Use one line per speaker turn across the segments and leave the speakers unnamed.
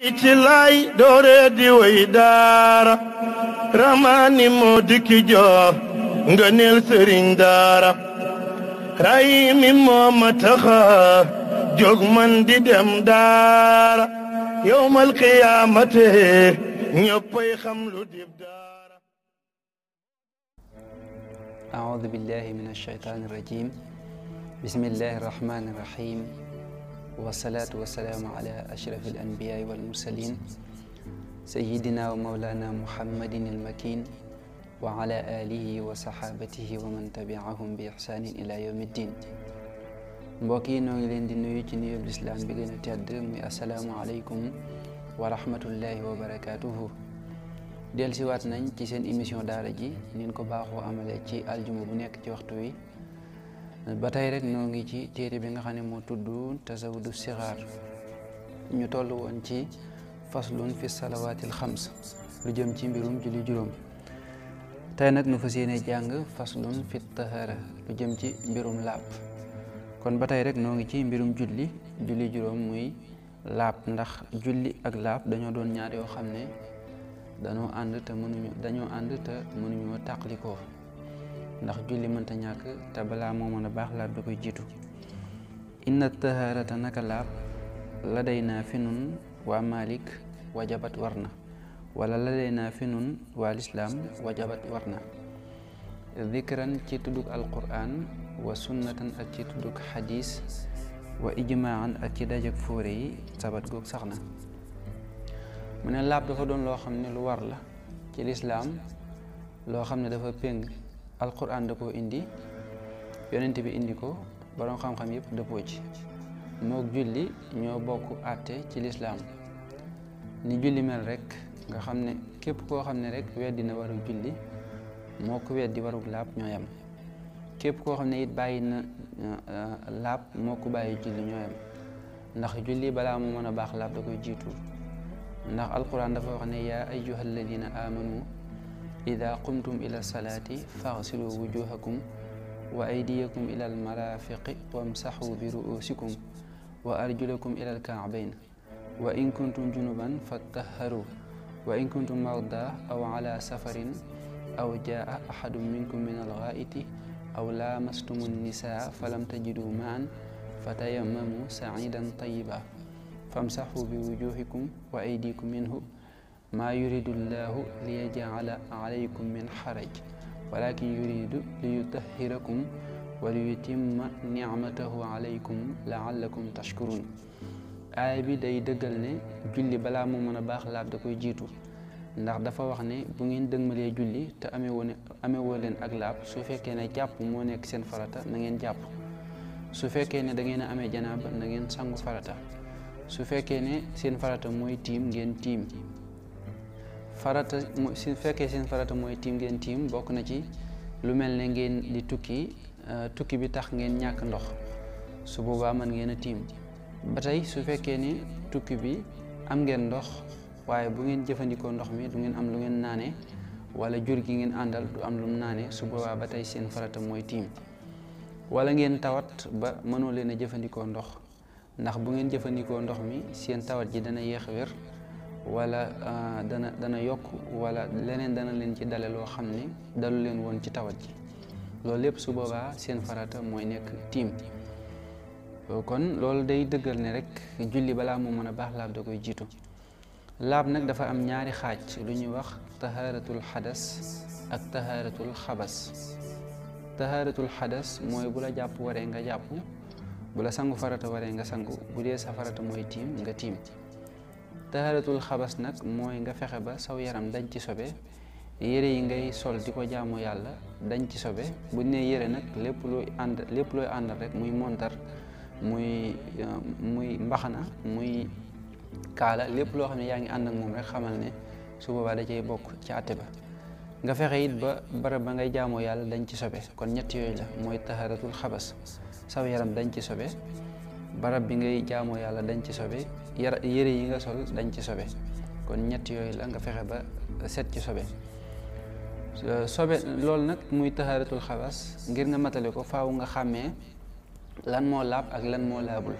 itilai dore di weidara ramani moo dikki jox ngëneel sëriñ daara ray mi moo ma di dem daara yowmal qiyaamate ñëppay xam dib أعوذ بالله من الشيطان الرجيم بسم الله الرحمن الرحيم والصلاة والسلام على أشرف الأنبياء والمرسلين سيدنا ومولانا محمد المكين وعلى آله وصحابته ومن تبعهم بإحسان إلى يوم الدين مباكي نوغلين دي نوي جنيو بالإسلام بغينا السلام عليكم ورحمة الله وبركاته ديال سيوات نانج تيسين إميسيون دارجي نينكو باخو أمالي تي الجمع ba tey rek noo ngi ci téere bi nga xam ne moo tudd tasawudu sixaar ñu toll woon ci faslun fi salawaatil xams lu jëm ci mbirum julli juróom tey nag nu fas yéene jàng faslun fi tahara lu jëm ci mbirum laab kon ba tey rek noo ngi ci mbirum julli julli juróom muy laab ndax julli ak laab dañoo doon ñaar yoo xam ne dañoo ànd te mënuñu dañoo ànd te ndax julli mënta ñàkk te balaa moo mën a baax laab da koy jiitu inna taharata naka laab la day naa fi nun waa malik wajabat war na wala la day naa fi nun waa lislaam wajabat war na dikran ci tuddug alquran wa sunnatan ak ci tuddug xadis wa ijmaan ak ci dajeg fóore yi sabat goog sax na mu ne laab dafa doon loo xam ne lu war la ci lislaam loo xam ne dafa peng alquran da ko indi yonent bi indi ko borom xam-xam yëpp dëppoo ci mook julli ñoo bokk àtte ci lislaam ni julli mel rek nga xam ne képp koo xam ne rek weddi na warug julli moo ko weddi warug laab ñoo yem képp koo xam ne it bàyyi na euh, laab moo ko bàyyi julli ñoo yem ndax julli balaa mu mën a baax laab da koy jiitu ndax alquran dafa wax ne yaa ayyuha alladina amanu إذا قمتم إلى الصلاة فاغسلوا وجوهكم وأيديكم إلى المرافق وامسحوا برؤوسكم وأرجلكم إلى الكعبين وإن كنتم جنبا فاتطهروا وإن كنتم مرضى أو على سفر أو جاء أحد منكم من الغائط أو لامستم النساء فلم تجدوا معا فتيمموا سعيدا طيبا فامسحوا بوجوهكم وأيديكم منه ma yuridu llaahu li yajcala alaykum min xaraj walakin yuridu li yutahirakum wa li yutimma nicmatahu alaykum laallakum tashkurun aaya bi day dëggal ne julli balaa moo mën a baax laab da koy jiitu ndax dafa wax ne bu ngeen dëgmalee julli te amewoo leen ak laab su fekkee ne jàpp moo nekk seen farata na ngeen jàpp su fekkee ne da ngeen a amee janaaba na ngeen sangu farata su fekkee ne seen farata mooy tiim ngeen tiim farata su fekke seen farata moy tim ngeen tim bok na ci lu melne ngeen di tukki euh, tukki bi tax ngeen ñak ndox su man ngeen tim batay su fekke ni tukki bi am ngeen ndox waye bu ngeen jëfëndiko ndox mi du ngeen am lu ngeen naané wala jur gi ngeen andal du am lum nane, su boobaa batay tey seen farata moy tim wala ngeen tawat ba mënoo leen jëfëndiko ndox ndax bu ngeen jëfëndiko ndox mi seen tawat ji dana yéx wër wala euh, dana dana yokk wala leneen dana leen ci dale loo xam ne dalu leen woon ci tawat ji loolu lépp su boobaa seen farata mooy nekk tiim kon loolu day dëggal ne rek julli balaa mu mën a baax laab da koy jiitu laab nag dafa am ñaari xaaj lu ñuy wax tahaaratul xadas ak tahaaratul xabas tahaaratul xadas mooy bu la jàpp waree nga jàpp bu sangu farata waree nga sangu bu dee sa farata mooy tiim nga tiim taxaratul xabas nag mooy nga fexe ba saw yaram dañ ci sobe yére yi ngay sol di ko jaamu yàlla dañ ci sobe bu nee yére nag lépp looy ànd lépp looy àndal rek muy montar muy euh, muy mbaxana muy kaala lépp loo xam ne yaa ngi ànd ak moom rek ne su boobaa da cay bokk ci àtte ba nga fexe it ba ba ngay jaamoo yàlla dañ ci sobe kon ñetti yooyu la mooy taxaratul xabas saw yaram dañ ci sobe barab bi ngay jaamoo yàlla dañ ci sobe yere yi nga sol dañ ci sobe kon ñet yoy la nga fexé ba set ci sobe sobe lol nak muy taharatul khawas ngir nga matale ko faaw nga xamé lan mo lab ak lan mo labul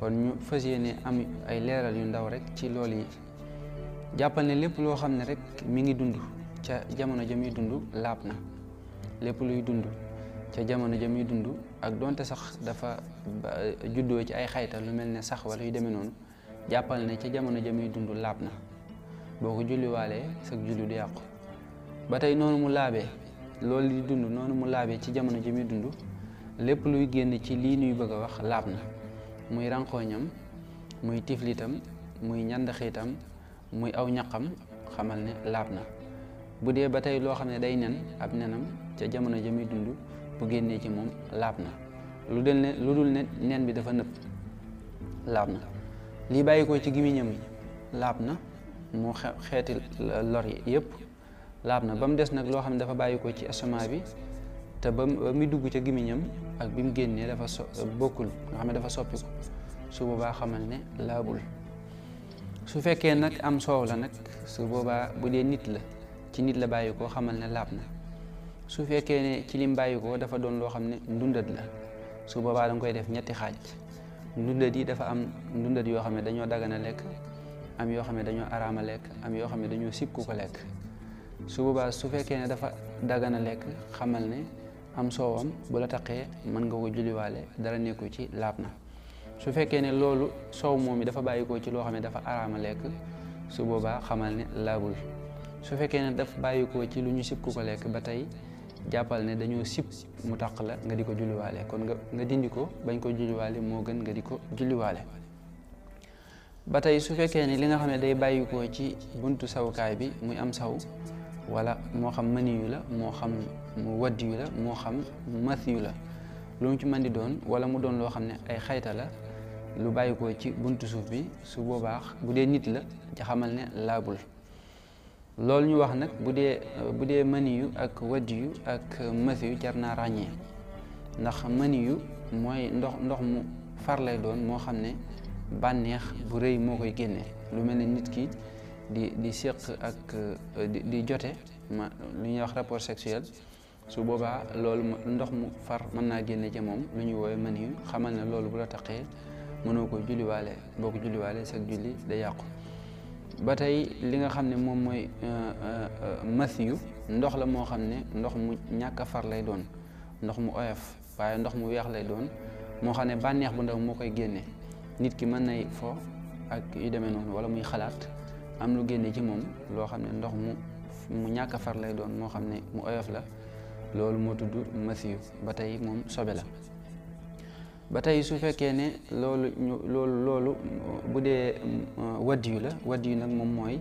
kon ñu fas am ay leral yu ndaw rek ci lol yi jappal ne lepp lo xamne rek mi ngi dundu ca jamono jëmi dundu lab na lepp luy dundu ca jamono ja muy dund ak donte sax dafa juddoo ci ay xayta lu mel ne sax wala yu demee noonu jàppal ne ca jamono ja muy dund laab na boo ko julliwaalee sag julli du yàqu ba tey noonu mu laabee loolu di dund noonu mu laabee ci jamono ji muy dund lépp luy génn ci lii nuy bëgg a wax laab na muy rànqooñam muy tiflitam muy ñandaxiitam muy aw ñaqam xamal ne laab na bu dee ba tey loo xam ne day nen ab nenam ca jamono ja muy dund bu génnee ci moom laab na lu dul ne lu dul ne nen bi dafa nëb laab na lii bàyyi ko ci gimiñam yi laab na mu xeeti lor yi yëpp laab na ba mu des nag loo xam ne dafa bàyyi ko ci estomac bi te ba mu dugg ca gimiñam ak bi mu génnee dafa so bokkul nga xam ne dafa soppi ko su boobaa xamal ne laabul su fekkee nag am soow la nag su boobaa bu dee nit la ci nit la bàyyi ko xamal ne laab na su fekkee ne ci lim bàyyi dafa doon loo xam ne ndundat la su boobaa danga koy def ñetti xaaj ndundat yi dafa am ndundat yoo xam ne dañoo dagana lekk am yoo xam ne dañoo araama lekk am yoo xam ne dañoo sib ku ko lekk su boobaa su fekkee ne dafa dagana lekk xamal ne am soowam bu taqee mën nga ko julliwaale dara nekku ci laab na su fekkee ne loolu soow moom mi dafa bàyyikoo ci loo xam ne dafa araama lekk su boobaa xamal ne laabul su fekkee ne dafa bàyyikoo ci lu ñu sib ku ko lekk ba tey jàppal ne dañoo sib mu taq la nga di ko julliwaale kon nga nga dindi ko bañ ko julliwaale moo gën nga di ko julliwaale ba tey su fekkee ni li nga xam ne day bàyyikoo ci buntu sawukaay bi muy am saw wala moo xam mani la moo xam mu wadd la moo xam math yu la lu mu ci mën di doon wala mu doon loo xam ne ay xayta la lu bàyyikoo ci buntu suuf bi su boobaax bu dee nit la jaxamal xamal ne laabul loolu ñu wax nag bu dee bu dee maniyu ak yu ak yu jar naa ràññee ndax mani yu mooy ndox ndox mu far lay doon moo xam ne bànneex bu rëy moo koy génnee lu mel ne nit kii di di séq ak di di jote ma lu ñuy wax rapport sexuel su boobaa loolu ndox mu far mën naa génne ca moom lu ñuy woowee yu xamal ne loolu bu la taqee mënoo ko julliwaale boo ko julliwaale sag julli day yàqu ba tey li nga xam ne moom mooy euh, euh, mathiyu ndox la moo xam ne ndox mu ñàkk far lay doon ndox mu oyof waaye ndox mu weex lay doon moo xam ne bànneex bu ndaw moo koy génne nit ki mën nay fo ak yu demee noonu wala muy xalaat am lu génne ci moom loo xam ne ndox mu mu ñàkk far lay doon moo xam ne mu oyof la loolu moo tudd mathiyu ba tey moom sobe la ba tey su fekkee ne loolu ñu loolu loolu bu dee euh, wadiyu la wadiyu nag moom mooy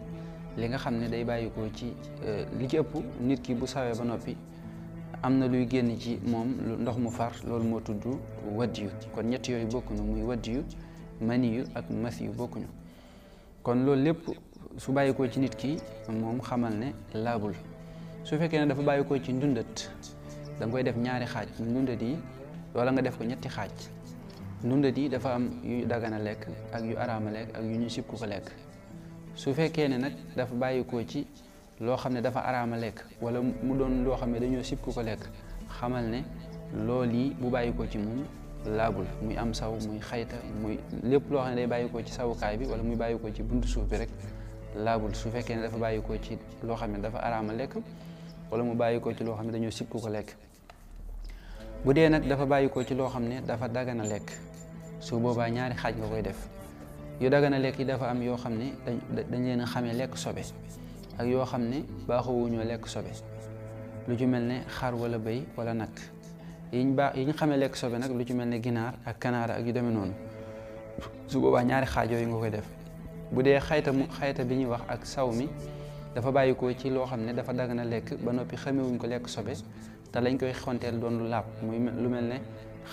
li nga xam ne day bàyyikoo ci euh, li ci ëpp nit ki bu sawee ba noppi am na luy génn ci moom ndox mu far loolu moo tudd wadiyu kon ñetti yooyu bokkuñu muy wadiyu maniyu ak masiyu bokkuñu kon loolu lépp su bàyyikoo ci nit ki moom xamal ne laabul su fekkee ne dafa bàyyikoo ci ndundat danga koy def ñaari xaaj ndundat yi loola nga def ko ñetti xaaj ndundat yi dafa am yu dagan a lekk ak yu araam a lekk ak yu ñu sib ku ko lekk su fekkee ne nag dafa bàyyikoo ci loo xam ne dafa araam a lekk wala mu doon loo xam ne dañoo sib ku ko lekk xamal ne lool yi bu bàyyikoo ci moom laabul muy am saw muy xayta muy lépp loo xam ne day bàyyikoo ci sawukaay bi wala muy bàyyikoo ci buntu suuf bi rek laabul su fekkee ne dafa bàyyikoo ci loo xam ne dafa araam a lekk wala mu bàyyikoo ci loo xam ne dañoo sib ku ko lekk bu dee nag dafa bàyyikoo ci loo xam ne dafa dagan a lekk su boobaa ñaari xaaj nga koy def yu dagan na lekk yi dafa am yoo xam ne dañ leen a xamee lekk sobe ak yoo xam ne baaxoowuñoo lekk sobe lu ci mel ne xar wala béy wala nag yiñ baax yiñ xamee lekk sobe nag lu ci mel ne ginaar ak kanaara ak yu demee noonu su boobaa ñaari xaajoo yooyu nga koy def bu dee xayta mu xayta bi ñuy wax ak saw mi dafa bàyyi ko ci loo xam ne dafa dagg na lekk ba noppi xamewuñ ko lekk sobe te lañ koy xonteel doon lu laab muy lu mel ne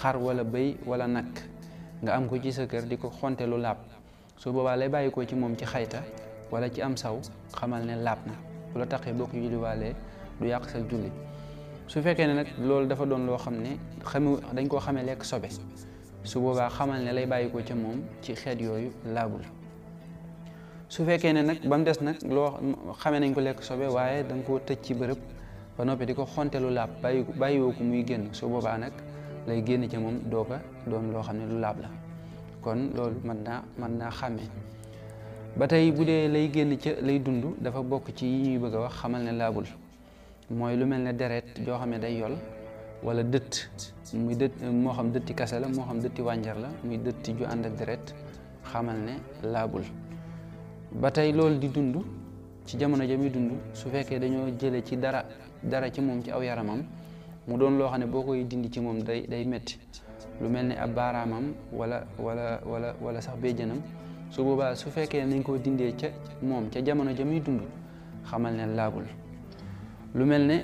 xar wala béy wala nag nga am ko ci sa kër di ko xonte lu laab su boobaa lay bàyyi ci moom ci xayta wala ci am saw xamal ne laab na bu la taxee boo ko julliwaalee du yàq sa julli su fekkee ne nag loolu dafa doon loo xam ne xamu dañ koo xamee lekk sobe su boobaa xamal ne lay bàyyi ko ca moom ci xeet yooyu laabu laabul su fekkee ne nag ba des nag loo xamee nañ ko lekk sobe waaye danga koo tëj ci bërëb ba noppi di ko xonte lu laab bàyyi bàyyiwoo ko muy génn su boobaa nag lay génn ca moom doo doon loo xam ne lu laab la kon loolu mën naa mën naa xàmmee ba tey bu dee lay génn ca lay dund dafa bokk ci yi ñuy bëgg a wax xamal ne laabul mooy lu mel ne deret joo xam ne day yol wala dëtt muy dëtt moo xam dëtti kase la moo xam dëtti wànjar la muy dëtti ju ànd ak deret xamal ne laabul ba tey loolu di dund ci jamono ja dund su fekkee dañoo jële ci dara dara ci moom ci aw yaramam mu doon loo xam ne boo koy dindi ci moom day day metti lu mel ne ab baaraamam wala wala wala wala sax béjjanam su boobaa su fekkee nañ koo dindee ca moom ca jamono ja muy dund xamal ne laabul lu mel ne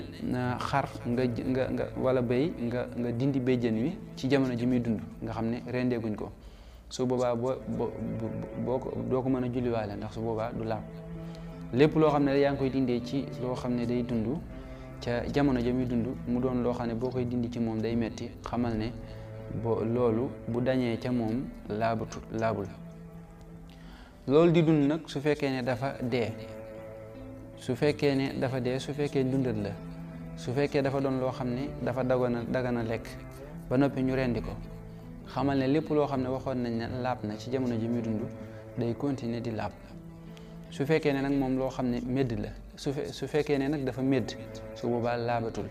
xar nga wala béy nga nga dindi béjjan wi ci jamono ji muy dund nga xam ne rendeeguñ ko su boobaa boo boo ko doo ko mën a julliwaale ndax su boobaa du laab lépp loo xam ne yaa ngi koy dindee ci loo xam ne day dund ca jamono ja muy dund mu doon loo xam ne boo koy dindi ci moom day metti xamal ne bo loolu bu dañee ca moom laabatu laabul loolu di dund nag su fekkee ne dafa dee su fekkee ne dafa dee su fekkee dundat la su fekkee dafa doon loo xam ne dafa dagana dagana lekk ba noppi ñu rendi ko xamal ne lépp loo xam ne waxoon nañ ne laab na ci jamono ji muy dund day continuer di laab su fekkee ne nag moom loo xam ne médd la su fe su fekkee ne nag dafa médd su boobaa laabatul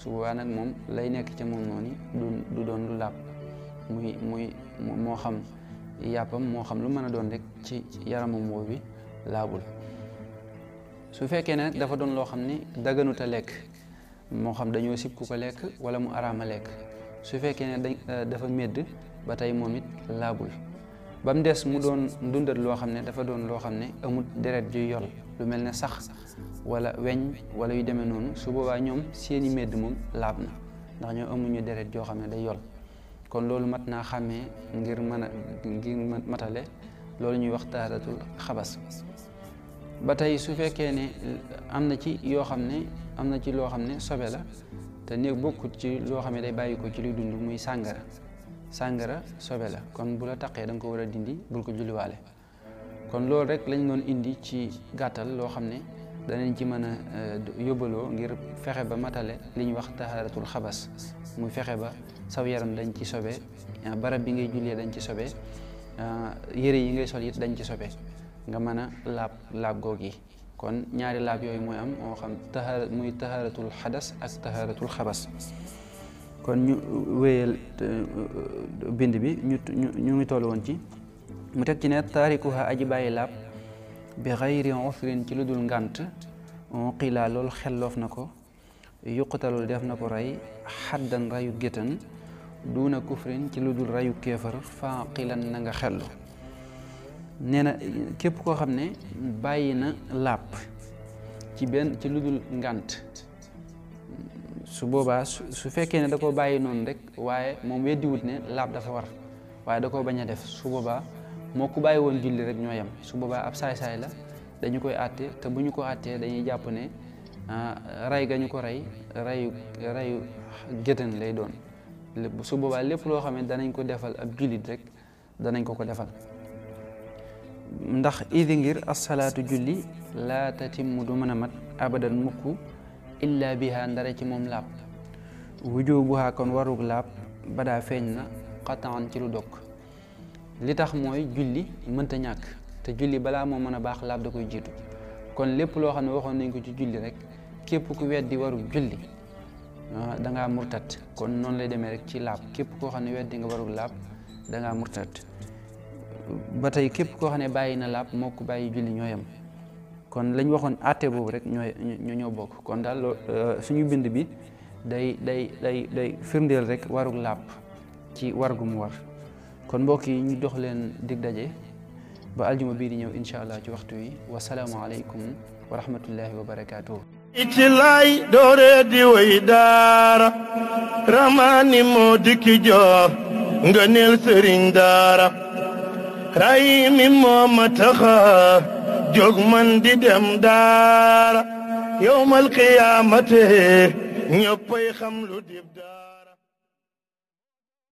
su nag moom lay nekk ca moom noonu du du doon lu laab muy muy moo xam yàppam moo xam lu mën a doon rek ci yaramam boobu bi laabul su fekkee ne nag dafa doon loo xam ni daganut a lekk moo xam dañoo sib ku ko lekk wala mu araama lekk su fekkee ne dafa médd ba tey moom it laabul ba mu des mu doon ndundat loo xam ne dafa doon loo xam ne amul deret juy yor lu mel ne sax walla weñ wala yu demee noonu su boobaa ñoom seeni medd moom laab na ndax ñoo amuñu deret joo xam ne day yor kon loolu mat naa xàmmee ngir mën a matale loolu ñuy wax taaratul xabas ba tey su fekkee ne am na ci yoo xam ne am na ci loo xam ne sobe la te néeg bokkut ci loo xam ne day bàyyi ko ci luy dund muy sàngara sàngara sobe la kon bu la taqee danga ko war a dindi bul ko julliwaale kon loolu rek lañ doon indi ci gàttal loo xam ne danañ ci mën a eh, yóbbaloo ngir fexe ba matale li ñuy wax tahaaratul xabas muy fexe ba saw yaram dañ ci sobe eh, barab bi ngay jullee dañ ci sobe eh, yére yi ngay sol it dañ ci sobe nga mën a laab laab goog yi kon ñaari laab yooyu mooy am moo xam tahaara muy tahaaratul xadas ak tahaaratul xabas kon ñu uh, wéyal uh, bind bi ñu ñu ngi toll woon ci mu teg ci ne taarikuha aji bàyyi laab bi xayri usrin ci lu dul ngànt xilaa loolu xelloof na ko yuqtalul def na ko rey xaddan rayu gétan duuna kufrin ci lu dul rayu kéefar fa xilan na nga xellu nee na képp koo xam ne bàyyi na laab ci benn ci lu dul ngànt su boobaa su fekkee ne da ko bàyyi noonu rek waaye moom weddiwut ne laab dafa war waaye da ko bañ a def su boobaa moo ku bàyyi woon julli rek ñoo yem su boobaa ab saay-saay la dañu koy àtte te bu ñu ko àttee dañuy jàpp ne ah, rey ga ko rey reyu reyu géttan lay doon lépp su boobaa lépp loo xam ne danañ ko defal ab jullit rek danañ ko ko defal ndax idi ngir asalaatu julli laa tatimmu du mën a mat abadan mukk illa biha ndare ci moom laab wujubuha kon warug laab badaa feeñ na xataan ci lu dog li tax mooy julli mënta ñàkk te julli balaa moo mën a baax laab da koy jiitu kon lépp loo xam ne waxoon nañ ko ci julli rek képp ku weddi warug julli ah, da ngaa murtat kon noonu lay demee rek ci laab képp koo xam ne weddi nga warug laab da ngaa murtat ba tey képp koo xam ne bàyyi na laab moo ko bàyyi julli ñooyam kon lañ waxoon àtte boobu rek ñoo ñoo bokk kon daal euh, suñu bind bi day day day day firndeel rek warug làpp ci war gu mu war kon mbokk yi ñu dox leen dig daje ba aljuma bii di ñëw incha allah ci waxtu wi wasalaamualeykum wa rahmatullahi wa barakaatuhu ci laay dooree daara ramaani moo dikki jox nga neel daara rayi moo ma jóg man di dem daara yowmal qiyaamate ñëppay xam lu dib daara